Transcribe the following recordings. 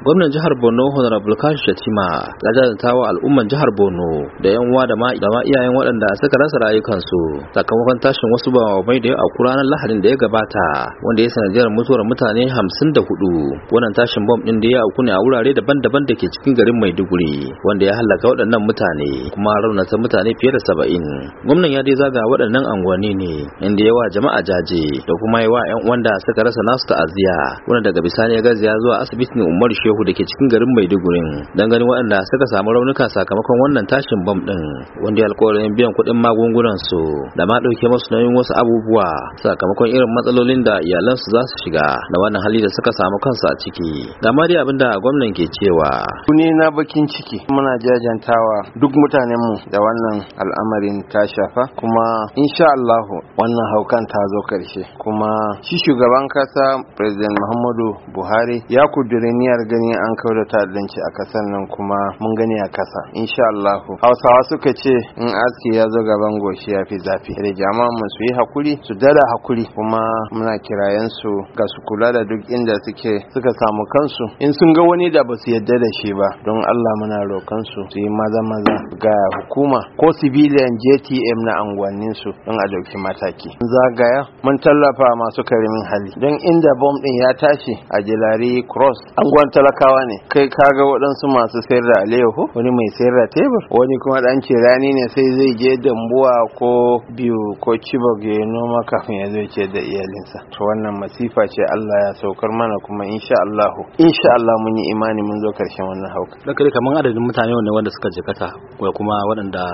gwamnan jihar borno honorable kashi shatima ya jajanta wa al'umman jihar borno da yan uwa da ma iyayen waɗanda saka rasa rayukansu sakamakon tashin wasu mai da yau a ranar lahadin da ya gabata wanda ya sanadiyar mutuwar mutane hamsin da hudu wannan tashin bom ɗin da ya auku ne a wurare daban-daban da ke cikin garin maiduguri wanda ya halaka waɗannan mutane kuma raunata mutane fiye da saba'in gwamnan ya dai zaga waɗannan anguwanni ne inda yawa jama'a jaje da kuma yawa yan wanda suka rasa nasu ta'aziya wanda daga bisani ya gaziya zuwa asibitin umar shehu Shehu da ke cikin garin Maiduguri dan ganin waɗanda suka samu raunuka sakamakon wannan tashin bam din wanda alƙawarin biyan kuɗin magungunan su da ma ɗauke musu nauyin wasu abubuwa sakamakon irin matsalolin da iyalansu za su shiga da wannan hali da suka samu kansu a ciki da ma dai abinda gwamnan ke cewa ne na bakin ciki muna jajantawa duk mutanen mu da wannan al'amarin ta shafa kuma insha Allah wannan haukan ta zo karshe kuma shi shugaban kasa president Muhammadu Buhari ya niyar ga gani an kawo da ta'addanci a kasar nan kuma mun gani a kasa insha Allah Hausawa suka ce in aski ya zo gaban goshi ya fi zafi da jama'a mu su yi hakuri su dada hakuri kuma muna kirayen su ga su kula da duk inda suke suka samu kansu in sun ga wani da basu su yadda da shi ba don Allah muna rokan su su yi maza maza ga hukuma ko civilian JTM na anguwannin su don a dauki mataki zagaya mun tallafa masu karimin hali don inda bom din ya tashi a Jilari Cross anguwan talakawa ne kai kaga waɗansu masu sayar da alayyahu wani mai sayar da tebur wani kuma dan ce rani ne sai zai je dambuwa ko biyu ko cibok ya noma kafin ya zo ce da iyalinsa to wannan masifa ce Allah ya saukar mana kuma insha Allah insha Allah mun yi imani mun zo karshen wannan hauka da kare kaman adadin mutane wanda wanda suka jikata ko kuma waɗanda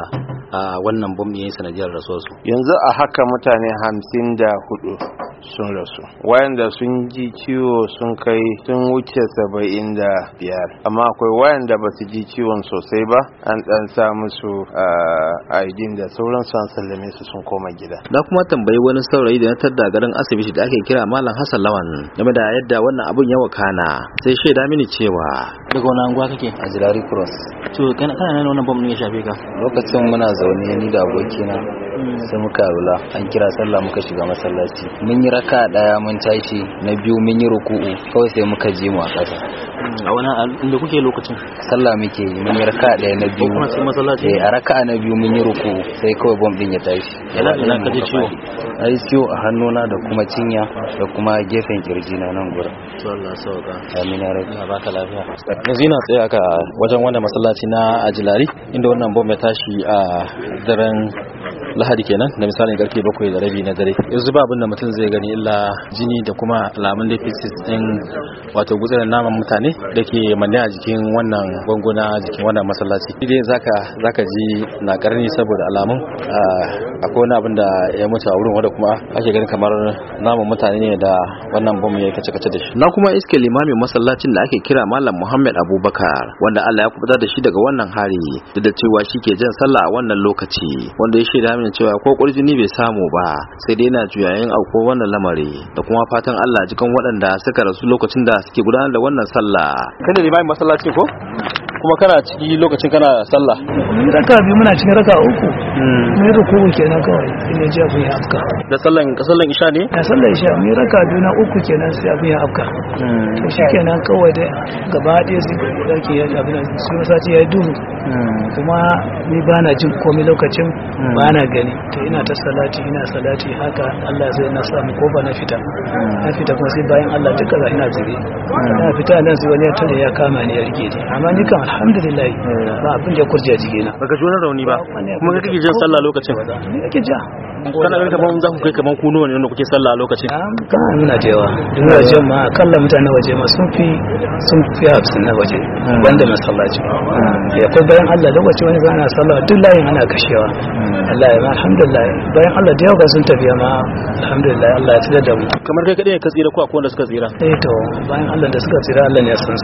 wannan bom ya yi sanadiyar rasuwarsu yanzu a haka mutane hamsin da hudu sun rasu wayanda sun ji ciwo sun kai sun wuce saba'in da biyar amma akwai wayanda ba su ji ciwon sosai ba an dan sa musu aidin ah, da sauran su an sallame su sun koma gida na kuma tambayi wani saurayi da na tadda garin asibiti da ake kira malam hassan lawan game da yadda wannan abun ya wakana sai shaida mini cewa daga wani anguwa kake a jilari cross to kana nan wannan bom ne ya shafe ka lokacin muna zaune ni da abokina sai muka lula an kira sallah muka shiga masallaci mun yi raka daya mun tashi na biyu mun yi ruku'u kawai sai muka ji mu a kasa. a wani inda kuke lokacin sallah muke yi mun yi raka daya na biyu eh a raka na biyu mun yi ruku'u sai kawai bom din ya tashi yana da ka ji ciwo ai ciwo a hannuna da kuma cinya da kuma gefen kirji na nan gura. to Allah sauka amin ya rabbi baka lafiya yanzu ina tsaye aka wajen wannan masallaci na Ajilari inda wannan bom ya tashi a daren lahadi kenan da misalin karfe bakwai da rabi na dare yanzu ba abin da mutum zai gani illa jini da kuma alamun deficit din wato gutsarin naman mutane da ke manne a jikin wannan gwangona jikin wannan masallaci idan zaka zaka ji na karni saboda alamun akwai wani abin da ya mutu a wurin wanda kuma ake ganin kamar naman mutane ne da wannan bomu ya kace kace da shi na kuma iske limamin masallacin da ake kira malam Muhammad Abubakar wanda Allah ya kubutar da shi daga wannan hari da cewa shi ke jan sallah a wannan lokaci wanda ya shaida nuna cewa ko kurjini bai samu ba sai dai yana juyayin auko wannan lamari da kuma fatan Allah jikan waɗanda suka rasu lokacin da suke gudanar da wannan sallah kada ne bayan masallaci ko kuma kana ciki lokacin kana sallah raka biyu muna cikin raka uku mai hmm. ruku kenan kawai ina ya ji abin ya afka da sallan sallan isha ne da sallan isha mai raka biyu na uku kenan sai abin ya afka hmm. to shikenan kawai da gaba ɗaya zai ga ke ya abin sai sati ya duhu hmm. kuma ni ba na jin komai lokacin ba na gani to ina ta salati ina salati haka Allah zai na samu ko ba na fita na fita kuma sai bayan Allah duka za ina zuri na fita nan sai wani ya tare ya kama ni ya rike ni amma ni kan alhamdulillah eh. ba abin da ya kurje a jigena baka rauni kai jin sallah lokacin ja kaman za ku kai ne wanda kuke a lokacin kana waje ma sun fi sun fi hafsin na waje hmm. banda ya hmm. kai bayan Allah lokaci wani sallah duk kashewa hmm. Allah ya alhamdulillah bayan Allah da sun tafiya ma alhamdulillah Allah ya tsira da mu kamar kai kadai ka tsira ko akwai wanda suka tsira eh to bayan Allah da suka tsira Allah ya san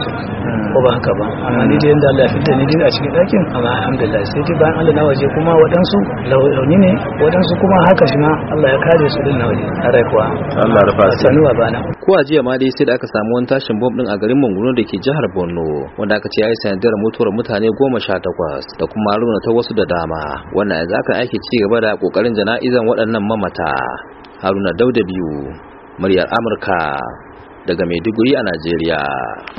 lokacin da Allah fitar ni a cikin ɗakin amma alhamdulillah sai dai bayan Allah na waje kuma waɗansu launi ne waɗansu kuma haka shi ma Allah ya kare su din na waje rai kuwa Allah rufa su sanuwa bana ko a jiya ma dai sai da aka samu wani tashin bom din a garin mangoro da ke jihar Borno wanda aka ce ya yi sanadiyar mutuwar mutane goma sha takwas da kuma raunata wasu da dama wannan yanzu aka aiki ci gaba da kokarin jana'izan waɗannan mamata Haruna Dauda biyu muryar Amurka daga Maiduguri a Najeriya